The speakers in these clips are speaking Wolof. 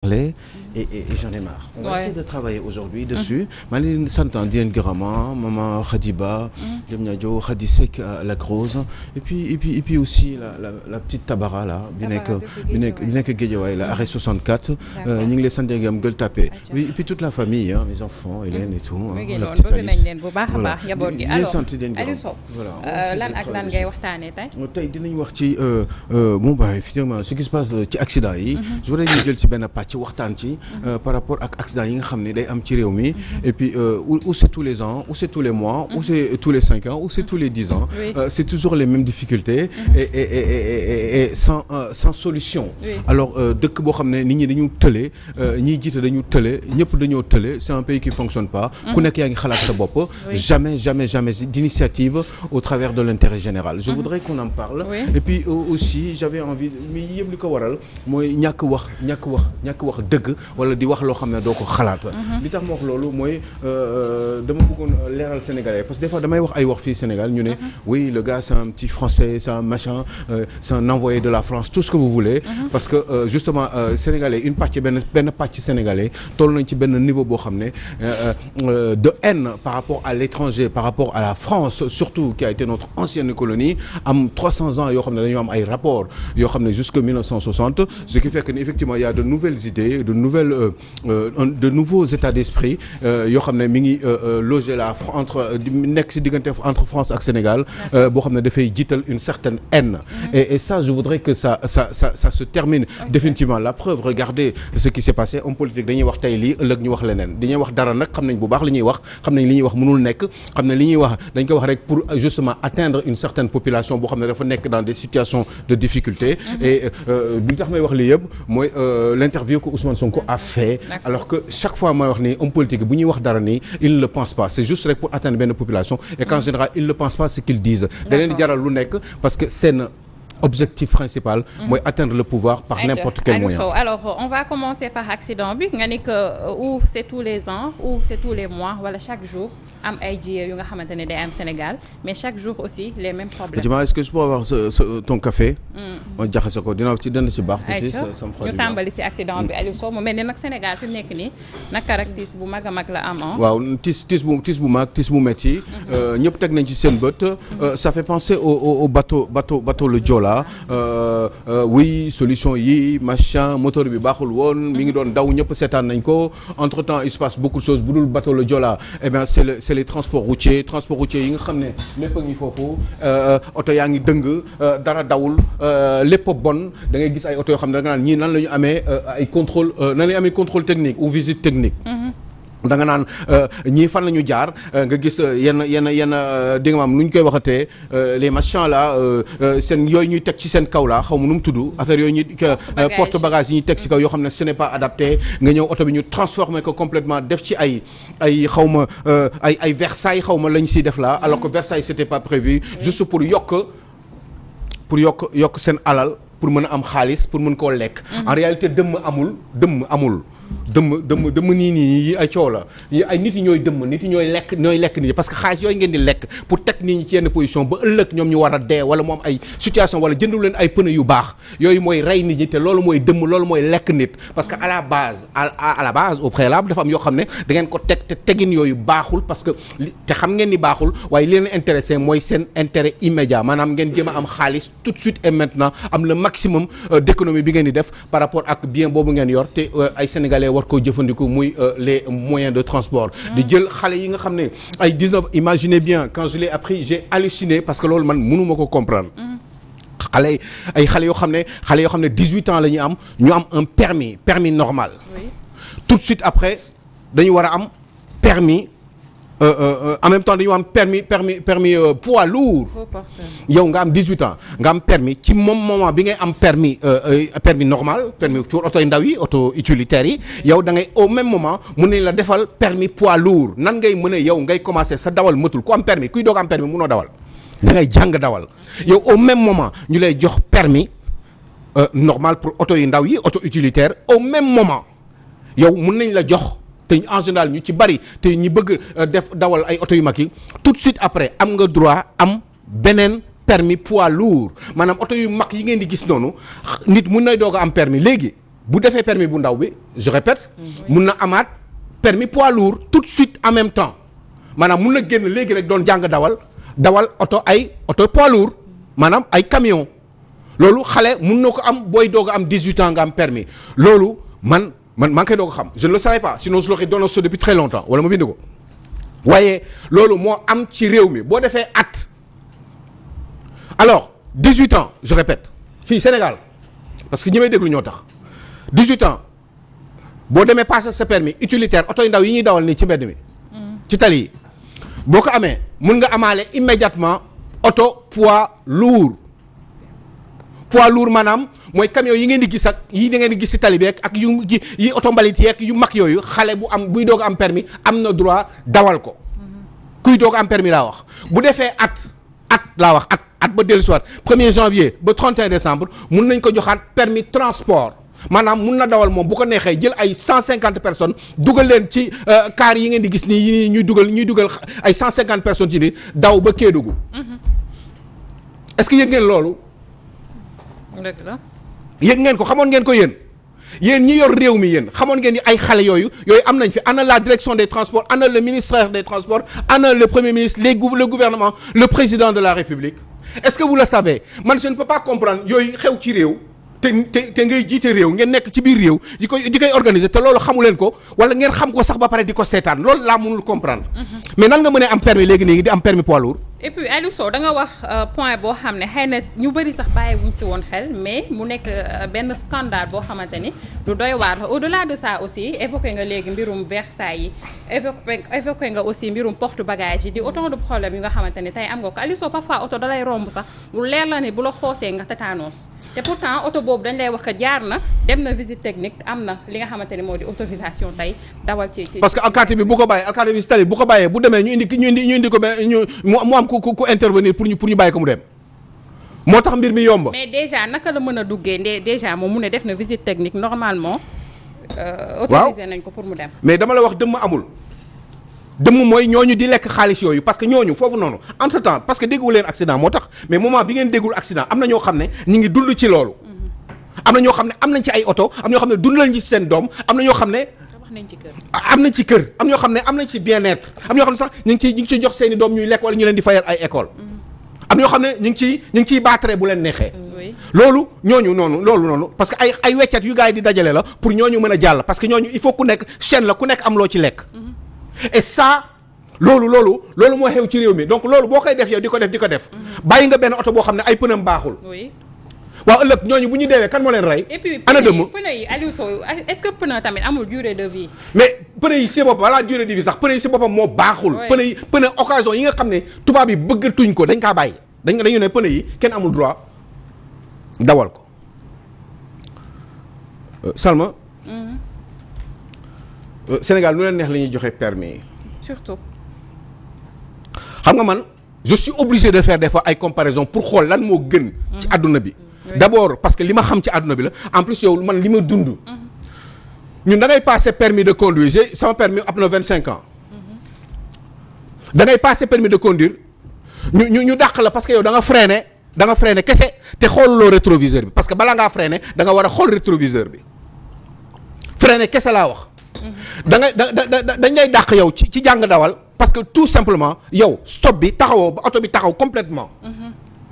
parler et et, et j'en de travailler aujourd'hui dessus. maa ngi leen di sant di leen gërëm maman Khady Ba. Diop Ndiadio Khady Seck euh, la grosse et puis et aussi la la la petite Tabara là. bi nekk bi nekk bi nekk Guédiawaye la arrêt 64. ñu ngi lay sant di gërëm Gueule Tapée. puis toute la famille hein, mes enfants Hélène et tout. mu ngi loolu bëgg nañ leen euh, tey. tey wax ci euh, bon bah effectivement ce qui se passe ci accident yi. Mhm. je voudrais ñu jël ci benn pàcc waxtaan ci. Euh, par rapport ak accident yi nga xam ne day am ci réew mi et puis euh, ou c'est tous les ans ou c'est tous les mois ou mhm. c'est tous les cinq ans ou c'est mhm. tous les dix ans euh, c'est toujours les mêmes difficultés mhm. et et sans solution alors dëkk boo xam ne nit ñi dañu tële ñiy jiite dañu tële ñëpp dañoo tële c'est un pays qui fonctionne pas ku nekk yaa ngi xalaat sa bopp jamais jamais jamais d'initiative au travers de l'intérêt général je voudrais qu'on en parle et puis aussi j'avais envie mais yëpp li ko waral mooy ñàkk wax ñàkk wax ñàkk wax dëgg wala di wax loo xam ne doo ko xalaat mhm. li tax ma wax loolu mooy euh, euh, dama bëggoon euh, leeral sénégalais parce que des damay wax ay wax fii Sénégal ñu ne mhm. oui le gars c'est un petit français c'est un machin c'est un envoyé de la France tout ce que vous voulez mhm. parce que justement sénégalais une partie benn benn pàcc sénégalais toll nañ ci benn niveau boo xam ne de haine par rapport à l'étranger par rapport à la France surtout qui a été notre ancienne colonie am ans yoo xam ne dañoo am ay yoo xam ne jusque 1960 ce qui nouvelle euh, euh, de nouveaux états d'esprit euh, yoo xam ne mi ngi loger la entre nekk si diggante entre France ak Sénégal boo xam ne dafay jiital une certaine haine mhm. et et ça je voudrais que ça ça ça ça se termine définitivement la preuve regardez ce qui s'est passé homme politique dañuy wax tey lii ëllëg ñu wax leneen dañuy wax dara nag xam nañ bu baax li ñuy wax xam nañ li ñuy wax mënul nekk xam nañ li ñuy wax dañ ko wax rek pour justement atteindre une certaine population boo xam ne dafa nekk dans des situations de difficulté mhm. et li tax may wax lii yëpp mooy l'interview que Ousmane a alors que chaque fois mooy wax ni homme politique bu ñuy wax dara nii il ne pense pas c'est juste rek pour atteindre benn population et qu'en mm. général ils ne le pas ce qu'ils disent da leen di lu nekk parce que seen objectif principal. mooy atteindre le pouvoir par n'importe quel moyen. alors on va commencer par accident bi nga ni que euh, ou c'est tous les ans ou c'est tous les mois wala chaque jour am ay jiyee yu nga xamante ne day am Sénégal mais chaque jour aussi les mêmes problèmes. Fatima est-ce que je avoir ton café. ma mm. jaxase ko dina ci dina ci baax. tuuti ñu tàmbali si accident bi Aliou Sow mu mel ni nag Sénégal fi mu nekk nii nag caractère bu mag a mag la am ah. waaw tiis bu tiis bu mag tiis bu metti euh, ñëpp teg nañ ci seen bët. Euh, ça fait penser au au bateau bateau voilà euh, euh, oui solution yi machin moteur bi baaxul woon. mi ngi doon daw ñëpp seetaan nañ ko entre temps il se passe beaucoup de choses bu dul bateau le Joola eh bien c' est le c' est les transports yi nga xam ne lépp a ngi foofu euh, oto yaa ngi dëng dara dawul lépp a bon da ngay gis ay oto yoo xam ne da naan ñii nan la ñu amee ay contrôle nan la amee contrôle technique ou visite technique. Mm-hmm. da nga naan euh, ñi fan la ñu jaar euh, nga gis euh, yenn yenn yenn di nga maam lu ñu koy waxatee les machins là seen yooyu ñuy teg ci seen kaw la xaw ma nu mu tudd affaire yooyu ñu porte bagage yi ñuy teg ci kaw yoo xam ne ce n'est pas nga ñëw oto bi ñu transformé ko complètement def ci ay ay xaw ma ay ay Versailles xaw ma la ñu siy def la alors que Versailles c'était pas prévu juste pour yokk pour yokk yokk seen alal pour mën a am xaalis pour mën koo lekk mm-hmm. en réalité dëmm amul dëmm amul dëmm dëmm dëmm nii nii yi ay coow la ay nit ñooy dëmm nit yi ñooy lekk ñooy lekk nit parce que xaalis yooyu ngeen di lekk pour teg nit ñi ci yenn position ba ëllëg ñoom ñu war a dee wala moom ay situation wala jëndu ay pneu yu baax yooyu mooy rey nit ñi te loolu mooy dëmm loolu mooy lekk nit parce que à la base à la base au préalable dafa am yoo xam ne da ko teg te tegin yooyu baaxul parce que te xam ngeen ni baaxul waaye li leen intéressé mooy seen intérêt immédiat maanaam ngeen jéem am xaalis tout de suite et maintenant am le maximum euh, d'économie bi ngeen di def par rapport ak bien boobu ngeen yor te euh, ay sénégalais war koo jëfandiku muy euh, les moyens de transport ah. di jël xale yi nga xam ne ay bien quand je l'ai appris j'ai halluciné parce que loolu man mënuma ko comprendre mm. xale ay xale yoo xam ne xale yoo xam ne 18 ans la ñu am ñu am un permis permis normal tout de suite après dañu war a am permis Euh, euh, euh, en même temps dañu am permis permis permis poids lourd yow nga am 18 ans nga am permis ci moom moment bi ngay am permis permis normal permis pour oto yi ndaw yi oto utilitaire yi yow da ngay au même moment mun nañ la defal permis poids lourd nan ngay mën a yow ngay commencer sa dawal mëtul ku am permis kuy doog am permis munoo dawal dangay jàng dawal yow au même moment ñu lay jox permis normal pour oto yu ndaw yi oto utilitaire au même moment yow mun nañ la jox te en général ñu ci bari te ñi bëgg euh, def dawal ay oto yu mag yi tout de suite après am nga droit am beneen permis pois lour maanaam oto yu mag yi ngeen di gis noonu nit mun na doog am permis léegi bu defee permis bu ndaw bi je répète mm-hmm. mun na amaat permis pois lourd tout de suite en même temps maanaam mun na génn léegi rek doon jàng dawal dawal oto ay oto poids lour maanaam ay camion loolu xale mun na ko am booy doog a am 18 ans nga am permi loolu man maa ngi koy xam je ne le savais pas sinon je l'aurais dénoncé depuis très longtemps wala ma bind ko waaye loolu moo am ci réew mi boo defee at alors 18 ans je répète fii Sénégal parce que ñi may déglu ñoo tax 18 ans boo demee passé sa permis utilitaire oto yu ndaw yi ñuy dawal nii ci mbedd mi ci tali yi boo ko amee mun nga amaale immédiatement oto poids lourd pois lour maanaam mooy camion yi ngeen di gis ak yi ngeen di gis ci tali ak yi oto mbalit yeeg yu mag yooyu xale bu am buy doog am permis am na droit dawal ko kuy doog am permis laa wax bu defee at at laa wax at at ba dellu soir 1er janvier ba 31 décembre mun nañ ko joxaat permis transport maanaam mun na dawal moom bu ko neexee jël ay cent cinquante personnes dugal leen ci kaar euh, yi ngeen di gis nii ñuy dugal ñuy dugal ay cent cinquante personnes ci daw ba Kédougou mm-hmm. est que yëg ngeen loolu dëgg la yëg ngeen ko xamoon ngeen ko yéen yéen ñi yor réew mi yéen xamoon ngeen ni ay xale yooyu yooyu am nañ fi ana la direction des transports ana le ministère des transports ana le premier ministre les le gouvernement le président de la république est-ce que vous le savez man je ne peux pas comprendre yooyu xew ci réew te te ngay jiite réew ngeen nekk ci biir réew di koy di koy organiser te loolu xamu leen ko wala ngeen xam ko sax ba pare di ko seetaan loolu laa mënul comprendre mm-hmm. mais nan nga a am permis et puis Aliou Sow da nga wax euh, point boo xam ne xëy na ñu bëri sax bàyyi wuñ si woon xel mais mu nekk euh, benn scandale boo xamante ni lu doy waar la au-delà de ça aussi évoqué nga léegi mbirum Versailles yi évoqué évoqué nga aussi mbirum porte bagage yi di autant de problème yi nga xamante ni tey am nga ko Aliou Sow parfois oto dalay romb sax lu leer la ne bu la xoosee nga tétanos te pourtant oto boobu dañ lay wax que jaar na dem na visite technique am na li nga xamante ne moo di autorisation tey dawal ci ci. parce que alkaati bi bu ko bàyyee alkaati bi si tali bu ko bàyyee bu demee ñu indi ñu indi ñu ko ñu mu am ku ku intervenir pour ñu pour ñu bàyyi ko mu dem. moo tax mbir mi yomb. mais déjà naka la mën a duggee ndee déjà moom mu ne def na visite technique normalement. Euh, autorisé nañ ko pour mu dem. mais dama la wax dëmm amul. dëmm mooy ñooñu di lekk xaalis yooyu parce que ñooñu foofu noonu entre temps parce que déggu leen accident moo tax mais moment bi ngeen déggul accident am na ñoo xam ne ñu ngi dund ci loolu. am na ñoo xam ne am oto am na ñoo xam ne dund lañ ci seen am na ñoo xam ne. am nañ ci kër ñoo xam ne am nañ ci bien-être am ñoo xam ne sax ñu ngi ciy ñu jox seen doom ñuy lekk wala ñu leen di fayal ay école am ñoo xam ne ñu ngi ciy ñu ngi ciy baatare bu leen neexee loolu ñooñu noonu loolu noonu parce que ay ay weccat yu gars yi di dajale la pour ñooñu mën a jàll et ça loolu loolu loolu moo xew ci réew mi donc loolu boo koy def yow di ko def di ko def. Mhm. bàyyi nga benn oto boo xam ne ay pënam baaxul. waaw ëllëg ñooñu bu ñu deewee kan moo leen rey. ana dëmm et puis pneu yi Aliou Sow est-ce que pneu tamit amul durée de vie. mais pneu yi si boppam wala durée de vie sax pneu yi si boppam moo baaxul. pneu yi occasion yi nga xam ne tubaab yi bëggatuñ ko dañ kaa bàyyi dañ dañu ne pneu yi kenn amul droit dawal ko euh, Salma Sénégal nu leen neex la ñuy joxe permis yi. xam nga man je suis obligé de faire des fois ay comparaison pour xool lan moo gën. ci àdduna mm-hmm. bi. d'abord parce que li ma xam ci àdduna bi la en plus yow man li ma dund. Mm-hmm. ñun da ngay passé permis de conduire j'ai sama permis am na vingt cinq ans. Mm-hmm. da ngay passé permis de conduire ñu ñu ñu dàq la parce que yow da nga freiné da nga freiné kese te xool xooluloo rétroviseur bi parce que balaa ngaa freiné da nga war a xool rétroviseur bi freiné kese laa wax. da ngay da da dañ lay dàq yow ci ci jàng dawal parce que tout simplement yow stop bi taxawoo ba oto bi taxaw complètement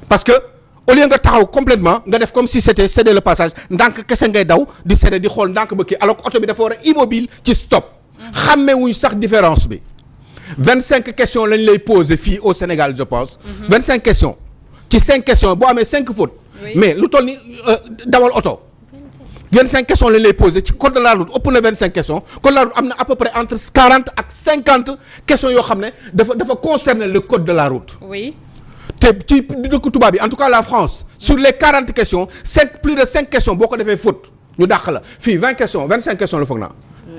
parce que au lieu nga taxaw complètement nga def comme si c'était céder le passage ndànk kese ngay daw di céder di xool ndànk ba alors que oto bi dafa war immobile ci stop xàmmewuñ sax différence bi vingt cinq questions lañ lay poser fii au Sénégal je pense vingt cinq questions ci questions boo amee cinq fautes mais lu toll ni euh, dawal vingt cinq questions lañ lay posé ci code de la route ëpp na vingt cinq questions code de la route am na à peu près entre quarante ak cinquante questions yoo xam ne dafa dafa concerner le code de la route. te ci dëkk tubaab yi en tout cas la France sur les quarante questions cinq plus de cinq questions boo ko defee faute ñu dàq la fii vingt questions vingt cinq questions la foog naa.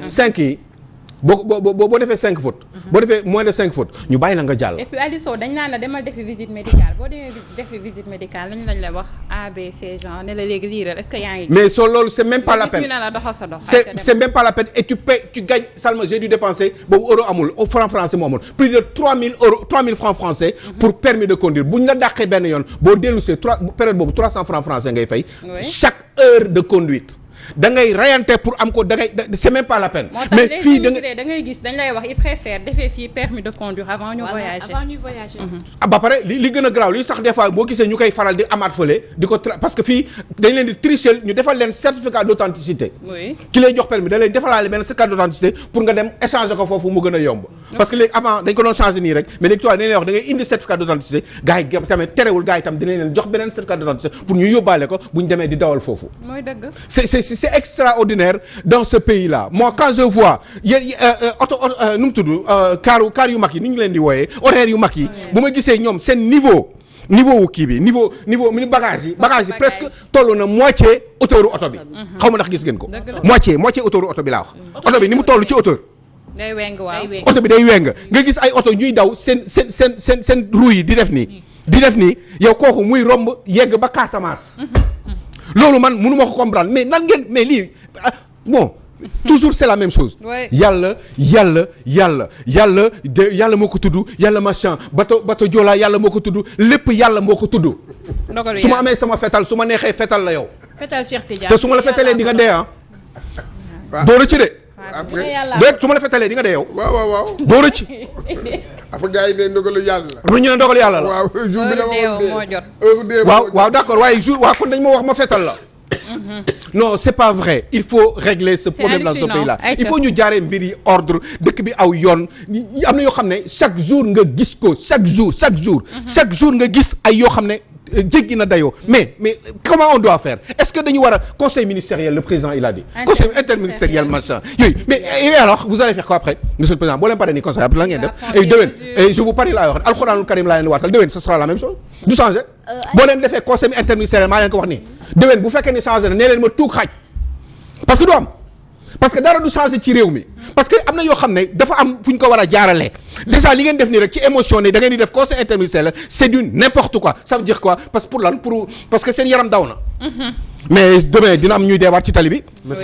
Mm. cinq yi. boo boo boo defee cinq fautes. Mhm. boo defee moins de cinq fautes ñu bàyyi la nga jàll. et puis Aliou Sow dañ naan la demal defi visite médicale boo defi visite médicale lañ lañ la wax A genre mais soo loolu c' même pas la peine c' tu paies tu gagnes seulement j'ai dépenser boobu euro amul franc français moo amoon plus de 3000 euros 3000 francs français. Mhm. pour permis de conduire bu ñu la dàqee benn yoon boo dellu trois période boobu 300 francs français ngay fay. chaque da ngay rayante pour am ko da ngay c'est même pas la peine. mais fii da ngay gis dañ lay wax il préfère defee fii permis de conduire avant ñu voyager mhm. ah, ba pare li li gën a graaw li sax des fois boo gisee ñu koy faral di amaat fële di ko parce que fii dañ leen di tricher ñu defal leen certificat d'authenticité. oui ki lay jox permis da lay defalaale benn certificat d'authenticité pour nga dem échanger ko foofu mu gën a yomb. parce que léegi avant dañ ko doon changé nii rek mais léegi tubaab dañ lay wax da ngay indi certificat d'authenticité gars yi tamit terewul gars yi tam dinañ leen jox beneen certificat d'authenticité pour ñu yóbbaale ko bu ñu demee di dawal foofu c'est c'est extraordinaire dans ce pays là moi quand je vois yéen euh, oto euh, euh, nu mu tudd kaaru kaar yu mag yi ni ñu leen di wooyee horaire yu mag yi bu ma gisee ñoom seen niveau niveau wu kii bi niveau niveau mu ni bagage yi bagage yi presque toll na moitié hauteur oto bi mhm. xaw ma ndax gis ngeen ko moitié moitié hauteur oto bi laa wax mm. bi ni mu toll ci hauteur day weng waaw oto bi day weng nga gis ay oto ñuy daw seen seen seen seen seen roue yi di def nii. di def nii yow kooku muy romb yegg ba Casamance. Mm-hmm. Mm-hmm. loolu man mënu ma ko comprendre mais nan ngeen mais lii ah, moo mm-hmm. toujours c'est la même chose. yàlla yàlla yàlla yàlla de yàlla moo ko tudd yàlla machin bato bato Joola yàlla moo ko tudd lépp yàlla moo ko tudd. su ma amee sama fetal su ma neexee fetal la yow. fetal Cheikh Tidiane te su ma la fetalee di nga dee ah. doo rëcc de. après déet su ma la fetalee di nga dee yow. waaw waaw waaw. doo rëcc. après gars yi ne ndogalu yàlla la. bu ñu ne ndogalu yàlla la. waaw jour bi la waaw waaw waaye jour waaw kon dañ ma wax ma fetal la. Mhm. non c' pas vrai il faut régler ce problème dans ce pays là il faut ñu jaaree mbir yi ordre dëkk bi aw yoon am na yoo xam ne chaque jour nga gis ko chaque jour chaque jour. Mhm. chaque jour nga gis ay yoo xam ne. jéggi na dayoo mais mais comment on doit faire est-ce que dañu war a conseil ministériel le président il a dit conseil interministériel machin yooyu mais alors vous allez faire quoi après monsieur le président boo leen paree ni conseil après la ngeen def et déwén je vous parie laa wax alxuraanul karim laa leen waatal déwén ce sera la même chose du changer euh, boo leen defee conseil interministériel maa leen ko wax nii déwén bu fekkee changer na nee leen parce que dara du changé ci réew mi parce que am na yoo xam ne dafa am fu ñu ko war a jaaralee déjà li ngeen def nii rek ci émotion ne da ngeen def conseil interministériel c'est du n'importe quoi ça veut dire quoi parce que pour lan pour parce que seen yaram daw na. Mhm. mais demain dina am ñuy deewaat ci tali bi.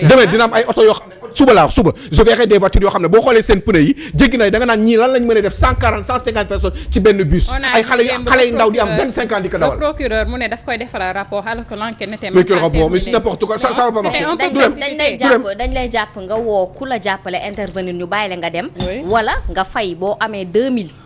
demain dina am ay oto yoo xam ne suba laa wax suba je verrai des voitures yoo xam ne boo xoolee seen pneu yi jéggi na da nga naan ñii lan lañ mën a def cent quarante cent cinquante personnes ci benn bus ay xale yu xale yu ndaw di am vingt cinq ans di ko dawal procureur mu ne daf koy defal rapport alors que l'enquête n'était même pas terminée mais quel rapport mais c'est n'importe quoi ça ça va pas marcher dañ lay jàpp dañ lay jàpp nga woo ku la jàppale intervenir ñu bàyyi la nga dem wala nga fay boo amee deux mille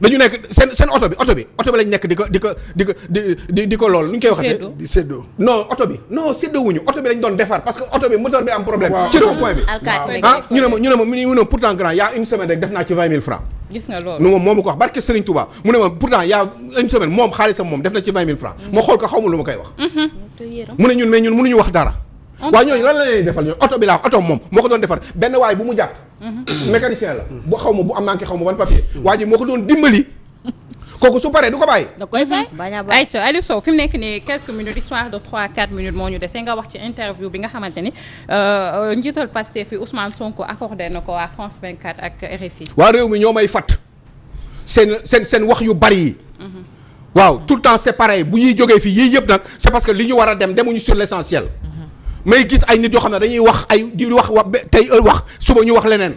dañu nekk seen seen oto bi oto bi oto bi lañ nekk di ko di ko di ko di ko lool nu ñu koy waxee. di séddoo non oto bi non séddoo wuñu oto bi lañ doon defar parce que oto bi moteur bi am problème. ci rond point bi ah, ñu ne ma mu ne a une semaine rek def naa ci vingt moom moo ma ko a une semaine moom xaalisam moom def na ci vingt mille francs. ma xool ko xaw ma lu ma koy wax. Mm-hmm. mu ne ñun mais ñun mënuñu wax dara waaw ñooñu lan la leen defal ñooñu oto bi laa oto moom moo ko doon defar benn waay bu mu jàpp mhm. mécanicien la bu xaw ma bu am manqué xaw ma ban papier waa ji moo ko doon dimbali kooku su paree du ko bàyyi. da koy fay ayca Aliou fi mu nekk nii quelques minutes histoire de 3 4 minutes moo ñu dese nga wax ci interview bi nga xamante ni euh, euh, njiital Pastef fi Ousmane Sonko accordé na ko waa France 24 ak RFI. waa réew mi ñoo may fàtt seen seen wax yu bari yi. Mhm. waaw tout le bu ñuy jógee fii yii yëpp nag que li ñu war a dem demuñu sur l'essentiel. may gis ay nit yoo xam ne dañuy wax ay di wax wax tey wax suba ñu wax leneen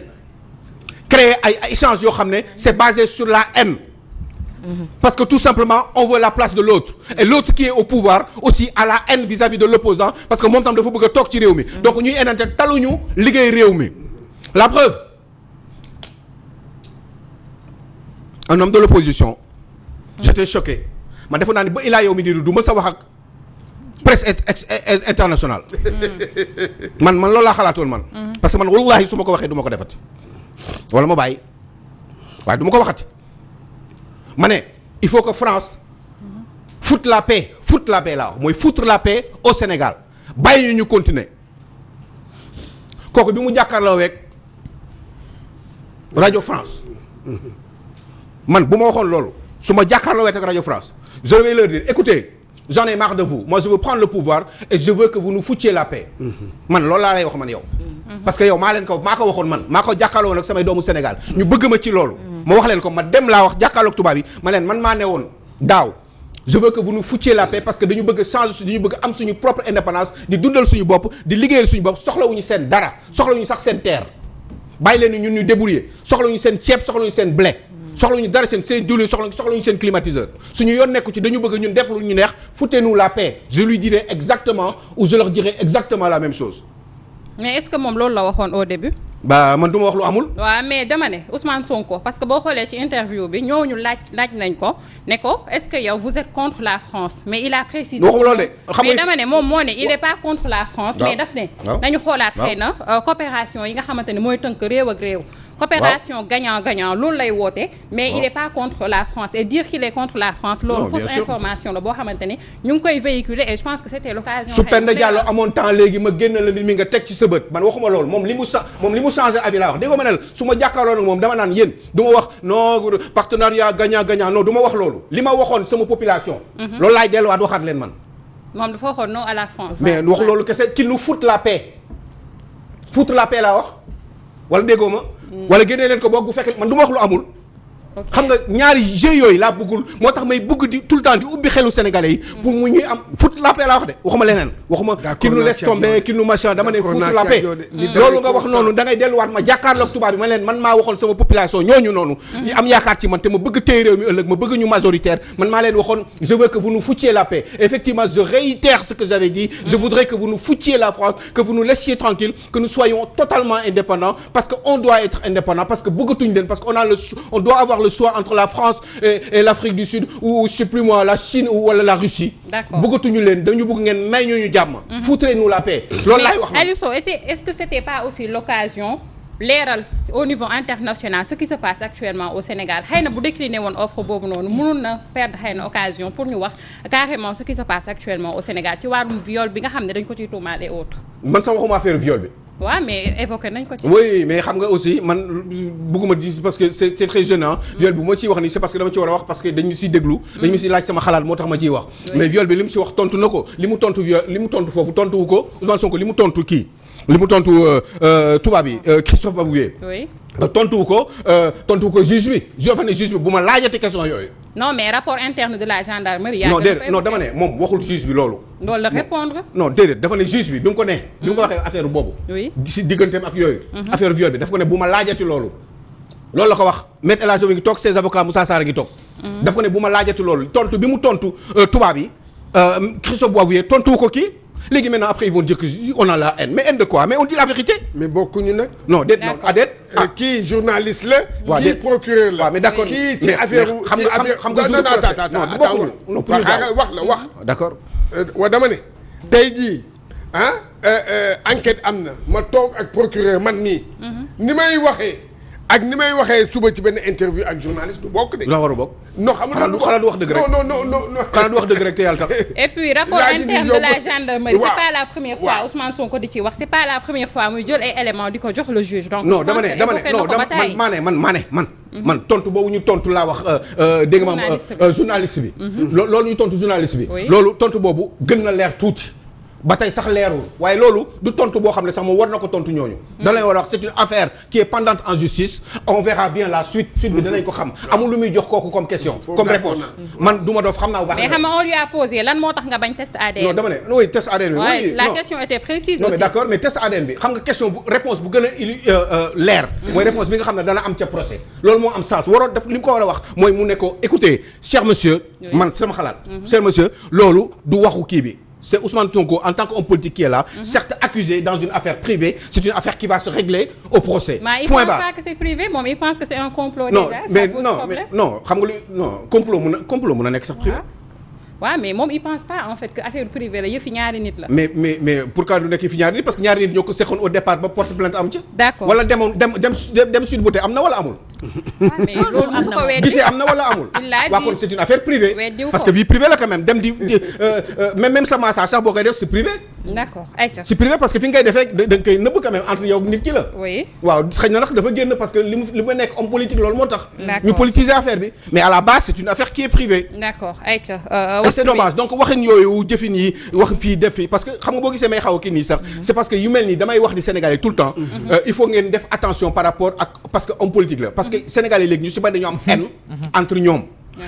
créer ay échange yoo xam ne c'est basé sur la haine mm-hmm. parce que tout simplement on la place de l'autre et l'autre qui est au pouvoir aussi à la haine vis-à-vis de l'opposant parce que moom tam dafa bëgg a toog ci réew mi mm-hmm. donc ñuy enante taluñu liggéey réew mi la preuve un homme de l'opposition mm-hmm. j'étais choqué man defoon naa ni ba ilaa yow mi di du ma sa wax ak presse internationale mm. man man loolu laa xalaatoon man mm-hmm. parce que man wallahi su ma ko waxee du ma ko defati wala ma bàyyi waaye du ko waxati ma ne il faut que France mm-hmm. foutre la paix foutre la paix laa wax mooy foutre la paix au Sénégal bàyyi ñu ñu kooku bi mu jàkkaarloo weeg rajo France mm-hmm. man bu ma waxoon loolu su ma jàkkaarloo weeg ak rajo France je vais leur dire écoutez j'en ai marre de vous moi je veux prendre le pouvoir et je veux que vous nous foutiez la mhm. man loolu laa lay wax man yow mhm. parce que yow maa leen ko maa ko waxoon man maa ko jàkkaarloo nag samay doomu Sénégal ñu bëgg ma ci loolu mhm. ma wax leen ko ma dem laa wax jàkkaarloog tubaab yi ma leen man maa ne woon daaw je veux que vous nous foutiez la parce que dañu bëgg a changer dañu bëgg am suñu propre indépendance di dundal suñu bopp di liggéeyal suñ bopp soxlawuñu seen dara soxlawuñu sax seen terre bàyyi leen ñun ñu débrouiller soxlawuñu seen ceeb soxlawuñu seen blé soxluñu dara seen seen diwlin soxla soxluñu seen climatiseur suñu yoon nekku ci dañu bëgg ñun def lu ñu neex foutez-nous la paix je lui dirai exactement ou je leur exactement la même chose. mais est-ce que moom loolu la waxoon au début. ba man du ma wax lu amul. waaw mais dama ne Ousmane Sonko parce que boo xoolee ci interview bi ñu laaj laaj nañ ko ne ko est-ce que yow vous êtes contre la France mais il a précisé. waxul loolu de xam mais dama ne moom moo ne la France. mais daf ne. dañu xoolaat xëy na euh, coopération yi nga xamante ne mooy tënk réew ak réew. coopération gagnant gagnant loolu lay woote mais il est pas contre la France et dire qu'il est contre la France loolu fausse information la boo xamante ne ñu ngi koy véhiculer et je pense que c'était l'occasion su Penda Diallo amoon temps léegi ma génn la mi nga teg ci sa man waxuma loolu moom li mu sa moom li mu changé avis laa wax dégg ma ne la su ma jàkkaarloo nag moom dama naan yéen du ma wax non partenariat gagnant gagnant non du ma wax loolu li ma waxoon sama population mhm. loolu laay delluwaat waxaat leen man moom dafa waxoon non à la France. mais wax loolu kese qu'il nous la paix la paix ma wala génnee leen ko boog bu fekkee man du ma wax lu amul xam nga ñaari jeux yooyu laa bëggul moo tax may bëgg di tout le temps di ubbi xelu sénégalais yi. pour mu ñuy am foot la laa wax de waxuma leneen. waxuma ki nu laisse tomber ki nu machin dama ne foot la mm. loolu nga wax noonu da ngay delluwaat ma jàkkaarloog tubaab bi ma leen man maa waxoon sama population ñooñu noonu. ñu am yaakaar ci man te ma bëgg téye réew mi ëllëg ma bëgg ñu majoritaire man maa leen waxoon je veux que vous nous foutiez la paix le choix entre la France et, l'Afrique du Sud ou je la Chine ou wala la Russie. d'accord leen dañu bëgg ngeen may ñu ñu jàmm. Mhm. foutrez-nous la paix. loolu laay wax mais Aliou Sow est-ce que c'était pas aussi l'occasion leeral au niveau international ce qui se passe actuellement au Sénégal xëy na bu décliné woon offre boobu noonu mënoon na perdre xëy na occasion pour ñu wax carrément ce qui se passe actuellement au Sénégal ci wàllum viol bi nga xam ne dañ ko ciy tuumaal bi. waa ouais, mais évoqué nañ ko ci. oui mais xam nga aussi man bëgguma di parce que c'est très gênant mm. viol bi moo ciy wax ni c'est parce que dama ci war a wax parce que dañu siy déglu. Mm. dañu siy laaj sama xalaat moo tax ma ciy wax. mais viol bi li mu si wax tontu na ko li mu tontu viol li mu tontu foofu tontu wu ko Ousmane Sonko li mu tontu kii. li mu tontu euh, euh, tubaab yi euh, Christophe Babouye. yée tontu ko tontu ko juge bi joo fa ne juge bi bu ma laajati question yooyu. non mais rapport interne de la gendarmerie. moom waxul juge bi loolu. loolu la répondre. non dafa ne juge bi bi mu ko ne. bi mu ko mm-hmm. waxee affaire boobu. oui si digganteem ak yooyu. Mm-hmm. affaire viol bi daf ko ne bu ma laajati loolu. loolu la ko wax maître El Hadji ngi toog ses avocats Moussa Sarr ngi toog. Mm-hmm. daf ko ne bu ma laajati loolu tontu bi mu tontu tubaab yi Christophe Babouye tontu ko kii. léegi maintenant après ils vont dire que on a la haine mais haine de quoi mais on dit la vérité. mais bokkuñu nag. non déet non adeet. Euh, ah kii journaliste la. waaw kii procureur la. waaw mais d' accord kii ci affaire ci affaire xam nga xam nga non bokkul non plus wax la wax. d' accord. Euh, wa dama ne. tey jii ah euh, enquête am na ma toog ak procureur man nii. Mhm. ni may waxee. ak ni may waxee suba ci benn interview ak journaliste du bokk de. du la war a bokk. non xam nga du xanaa du wax dëgg rek wax dëgg rek te yàlla tax. et puis rapport interne de la gendarmerie. waaw c'est la première fois Ousmane Sonko di ci wax si pas la première fois muy jël ay éléments di ko jox le juge. donc non dama ne dama ne non dama ne man maa man. Mhm. man tontu boobu ñu tontu laa wax euh, euh, dégg nga maam euh, journaliste bi. Mhm. loolu ñu tontu journaliste bi. loolu tontu boobu gën na leer tuuti ba tey sax leerul waaye loolu du tontu boo xam ne sax moom war na ko tontu ñooñu. danañ war a wax c'est une affaire qui est pendante en justice on verra bien la suite. suite bi danañ ko xam amul lu muy jox kooku comme question. comme réponse man du doof xam naa bu baax. mais xam nga on lui a posé lan moo tax nga bañ test ADN. non dama ne oui test ADN bi. oui la question était précise aussi. non mais d'accord mais test ADN bi xam nga question bu réponse bu gën a ili euh, euh, leer. ne dana am ca procès. moo am sens waroon a wax mooy ne ko écoutez cher sama xalaat. loolu waxu kii bi c'est Ousmane Sonko en tant qu'homme politique qui est là. Mhm. certes accusé dans une affaire privée c'est une affaire qui va se régler au procès. point barre mais il pense pas que c'est privé moom il pense que c'est un complot. déjà ça pose problème non mais non non xam nga lu non complot mun na complot mun na nekk sax privé. Ah. waaw mais moom il pense pas en fait que affaire privée la yëfi ñaari nit la. mais mais mais pourquoi du nekk yëfi ñaari nit parce que ñaari nit ñoo ko seqoon au départ ba porte plainte am ci. d'accord demoon dem dem dem sud bu te am na wala amul. mais am na wala amul. waa kon c'est une affaire privée. parce que vie privée la quand dem di euh, euh, même même sa massage sax boo koy def c'est privé. parce que fi ngay defee da nga nëbb quand entre yow nit ki la. waaw c'est dommage donc waxin yooyu jëfin yi wax fii def parce que xam nga boo gisee may xaw a kii nii sax mm-hmm. c'est parce que yu mel nii damay wax ni sénégalais tout le temps mm-hmm. euh, il faut ngeen def attention par rapport ak parce que homme politique la parce que mm-hmm. sénégalais léegi ñu si bari dañoo am haine entre ñoom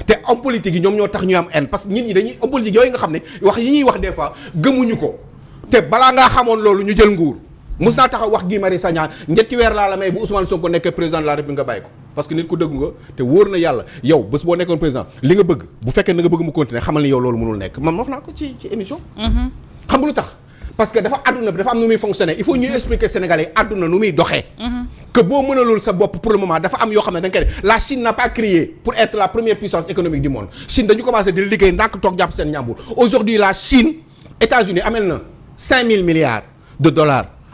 te homme politique yi ñoom ñoo tax ñu am haine parce que nit ñi dañuy homme politique yooyu nga xam ne wax yi ñuy wax des gëmuñu ko te balaa ngaa xamoon loolu ñu jël nguu mos naa taxaw wax Guy Marius Sagna ñetti weer laa la may bu nga bàyyi ko parce que nit ku dëgg nga te wóor na yàlla yow bés boo nekkoon président li nga bëgg bu fekkee na nga bëgg mu continuer xamal ni yow loolu mënul nekk man wax naa ko ci ci émission mm-hmm. xam nga lu tax parce que dafa àdduna bi dafa am nu muy fonctionner il faut ñuy expliquer Sénégalais yi àdduna nu muy doxee mm-hmm. que boo mënalul sa bopp pour le moment dafa am yoo xam ne da nga la Chine n'a pas créé pour être la première puissance économique du monde Chine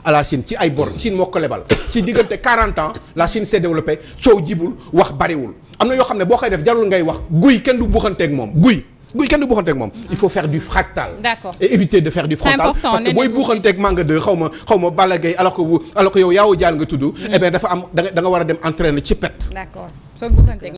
à la ci ay bor Chine moo ko lebal ci diggante 40 ans la Chine s'est développée coow jibul wax bariwul am na yoo xam ne boo koy def jarul ngay wax guy kenn du buuxanteeg moom guy guy kenn du buuxanteeg moom il faut faire du fractal d'accord et éviter de faire du frontal parce que booy buuxanteeg manga de xaw ma xaw ma Balla Gaye alors que yow yaawu jaal nga tudd mm. eh bien dafa am da nga war a dem entraîner ci pet d'accord